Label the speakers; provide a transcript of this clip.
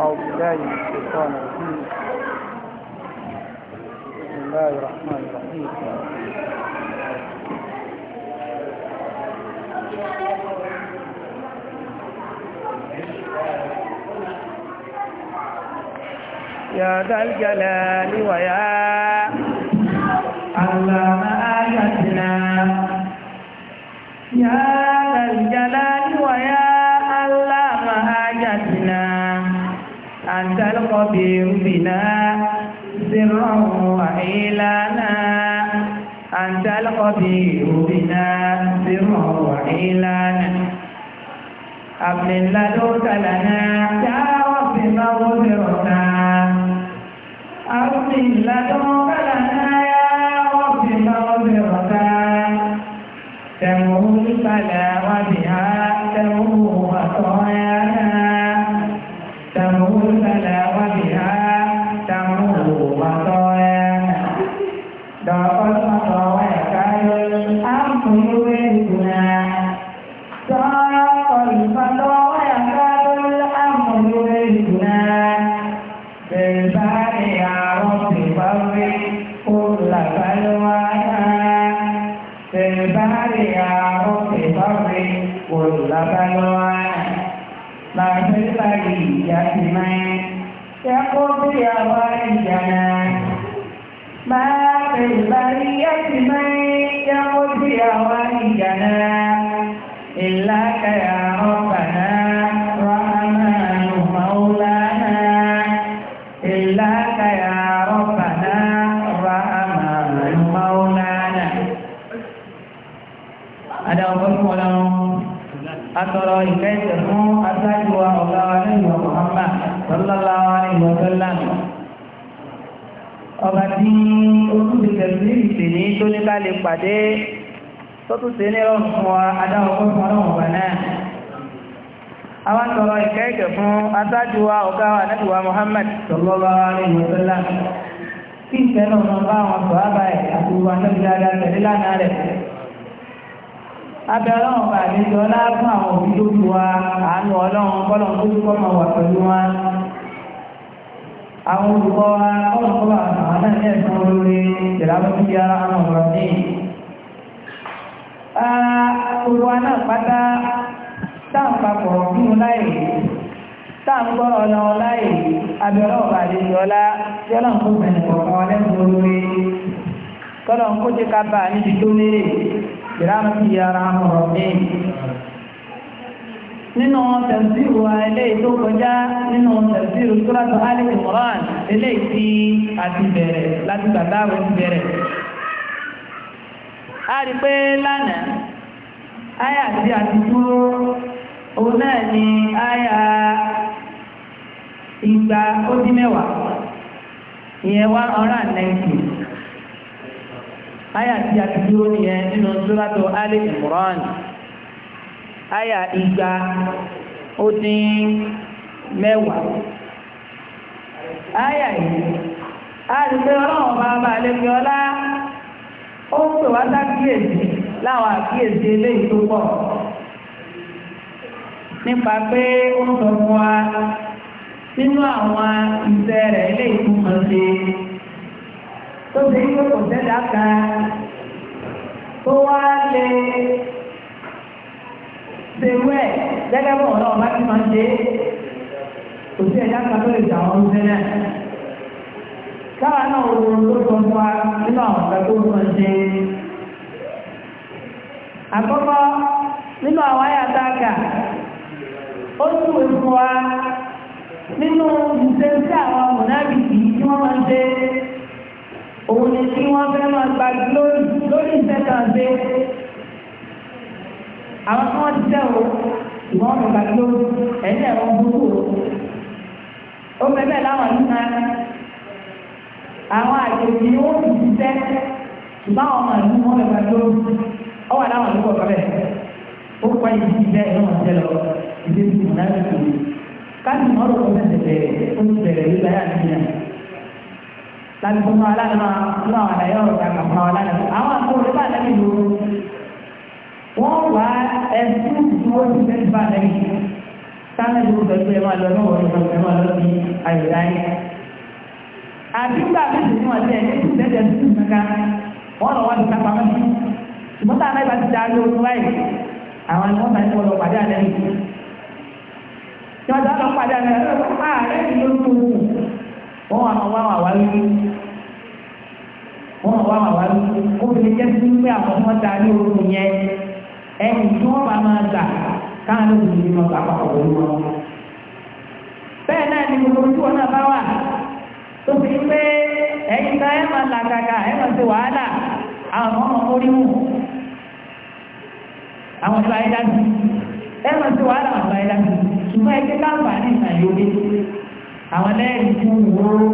Speaker 1: أعوذ بالله من الشيطان الرجيم بسم الله الرحمن الرحيم يا ذا الجلال ويا أنت الخبير بنا سرا وإعلانا أنت الخبير بنا سرا وإعلانا أبن لدوك لنا يا رب مغفرنا أبن لدوك لنا يا رب مغفرنا تمر البلاء بها تمر خطايانا المرسل وبها تمر وطوان ضاقت مطاوعك الأرض يريدنا ضاقت مطاوعك الأرض يريدنا بالبحر يا رب فرق كل بلوانا بالبحر يا رب فرق كل بلوانا بالبريد جسما يقضي وعندنا ما في البرية من يقضي وعندنا إلا يا ربنا رحمن مولانا إلا يا fún aṣáájú wa ọ̀gá wa lẹ́yìn wa Muhammad sallallahu alaihi wa sallam ọba tí olùdíje sí ìsìnì tó ní ká lè pàdé tó tún ṣe ní ọ̀rùn fún wa adáwọ̀ fún ọlọ́run ọba náà àwọn tọrọ ìkẹ́ẹ̀kẹ́ fún aṣáájú wa ọ̀gá wa lẹ́yìn wa Muhammad sallallahu alaihi wa sallam kí ìfẹ́ náà máa bá àwọn abẹ́ ọlọ́run bá mi jọ ọlá fún àwọn òbí tó fi wa àánú ọlọ́run bọ́lọ̀ tó fi kọ́ máa wà pẹ̀lú wa àwọn olùkọ́ wa kọ́lọ̀ kọ́ bá àwọn náà ní ẹ̀sán olóore ìlànà tó fi ara àwọn ọ̀rọ̀ ní. olùkọ́ wa náà pátá tá à papọ̀ nínú láì tá à gbọ́ ọ̀nà láì abẹ́ ọlọ́run bá mi jọ ọlá tí ọlọ́run kó bẹ̀rẹ̀ kọ̀ọ̀kan wa lẹ́sùn olóore kó jẹ́ ká bá níbi tó lérè برحمتك يا أرحم الراحمين nínú tẹ̀síìrù eléyìí tó kọjá nínú tẹ̀síìrù sóràtò alẹ́ ìmọ̀ràn eléyìí tí a ti bẹ̀rẹ̀ láti gbàgbá àwọn ti bẹ̀rẹ̀. a rí pé lánàá àyà tí a ti dúró òun náà ni àyà ìgbà ó dín mẹ́wàá ìyẹn wá ọ̀ràn náà aya tí a ti dúró nìyẹn nínú sóràtò Ali aya igba ó dín mẹ́wàá aya yìí a ti pé ọlọ́run bá bá lẹ́gbẹ̀ẹ́ ọlá ó ń pè wá sákìyèsí láwọn àkíyèsí eléyìí tó pọ̀ nípa pé ó ń sọ fún wa tó ṣe yí pé kò sẹ́dá kan tó wá lè ṣe wẹ̀ gẹ́gẹ́ bọ̀ náà bá ti máa ń ṣe kò sí ẹ̀dá kan tó lè ṣe àwọn oúnjẹ náà. káwa náà wo ló sọ fún wa nínú àwọn ọ̀gá tó máa ṣe. àkọ́kọ́ nínú àwọn àyàtọ̀ àkà ó tún wẹ̀ fún wa nínú ìṣesí àwọn mọ̀nàbìkì tí wọ́n máa ń ṣe òun ni tí wọ́n fẹ́ máa gba lórí ìfẹ́kànṣe àwọn tí wọ́n ti tẹ́ o ìwọ́n mi gba lórí ẹ̀yìn ẹ̀rọ burúkú o ó bẹ̀rẹ̀ láwọn nípa àwọn àjèjì ó ti tẹ́ ṣùgbọ́n àwọn ọmọ ìlú wọn gba lórí ó wà láwọn ìlú kọ̀ọ̀kan bẹ́ẹ̀ ó pa ìdí ìbẹ́ ìlú wọn tẹ́ lọ ìdí ìdí ìmọ̀ náà ti tò káàdì mọ́rọ̀ kọ́ bẹ́ẹ̀ tẹ̀lé ó ti bẹ̀rẹ̀ nígbà yà láti fún wa láti máa fún àwọn àlàyé ọ̀rọ̀ kàkà fún wa láti àwọn àti òun bá lẹ́yìn ló wọ́n wá ẹ̀sùn tí wọ́n ti fẹ́ bá lẹ́yìn sáà ló sọ pé ẹ máa lọ lọ́wọ́ ìjọba ẹ máa lọ sí àyọ̀dá yẹn. àdúgbò àbẹ̀sẹ̀ ni wọ́n ti ẹ̀ ní ìtúsẹ̀jẹ̀ tuntun kankan wọ́n lọ wá ti sápá mọ́ sí. ṣùgbọ́n tá a náà ibà ti dá lórí báyìí àwọn ni wọ́n wà máa wá wà lórí wọ́n wà wà lórí obìnrin jẹ́ sí pé àwọn ọmọ ta ní orúkọ yẹn ẹni tí wọ́n bá máa gbà káwọn ló ti di ọgbà àpapọ̀ pẹ̀lú wọn. bẹ́ẹ̀ náà ni gbogbo tí wọn náà bá wà tó fi pé ẹ̀yin ta ẹ̀ máa làkàkà ẹ̀ máa ṣe wàhálà àwọn ọmọ orí wù àwọn ìlú ayé dájú ẹ̀ máa ṣe wàhálà àwọn ìlú ayé ṣùgbọ́n ẹgbẹ́ káàbà ní ìsàn yóò dé. àwọn lẹ́yìn